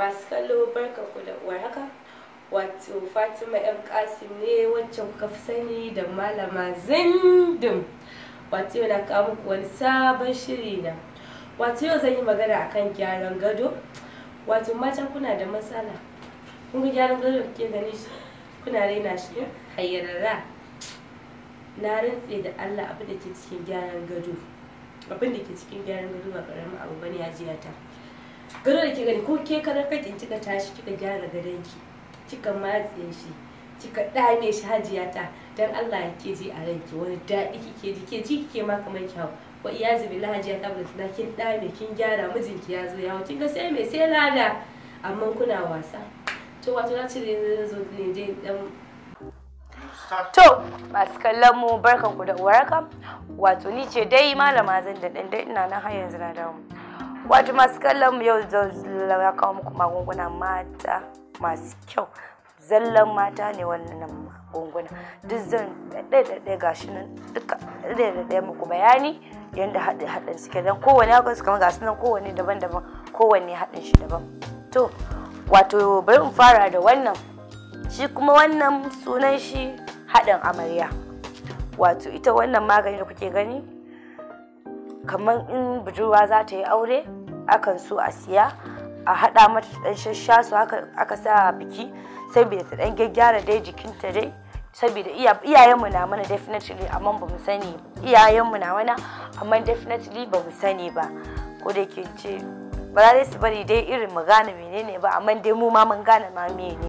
masu kallo barka ku da warhaka wato fatima yan kasim ne wacce kuka fi sani da malama zindin wato yau na kawo muku wani sabon shiri na wato yau zan yi magana akan gyaran gado wato mata kuna da matsala kun gyaran gado ke gani shi kuna raina shi hayyarara na rantse da allah abin da ke cikin gyaran gado abin da ke cikin gyaran gado ba karamin abu bane ya gado da ke gani ko ke kalar fakin cika tashi kika gyara gadon ki kika matse shi kika dame shi hajiya ta dan Allah ke ji a ranki wani daɗi kike ji ke ji kike ma kamar ki hau wa iyazu billahi hajiya ta suna kin dame kin gyara mijinki ya zo ya hau kinga sai mai sai lada amma kuna wasa to wato na ce ne zo ne je dan To, masu kallon mu barkanku da waraka. Wato ni ce dai malama zan da dan ina nan har yanzu na dawo. wato masu kallon mu yau ya kawo muku magunguna mata masu kyau zallan mata ne wannan magunguna duk zan ɗaya ga shi nan duka ɗaya ɗaya muku bayani yadda haɗin suke don kowane haka su kama ga nan kowane daban-daban kowane haɗin shi daban to wato bari mu fara da wannan shi kuma wannan sunan shi haɗin amarya wato ita wannan magani da kuke gani kamar in budurwa za ta yi aure akan so a siya a haɗa mata ɗan shasha haka aka sa biki saboda ta ɗan gyaggyara dai jikinta dai saboda iyayenmu na mana definitely amma ba mu sani iyayenmu na mana amma definitely ba mu sani ba ko da ke ce ba za su bari dai irin mu gane menene ba amma dai mu ma mun gane ma menene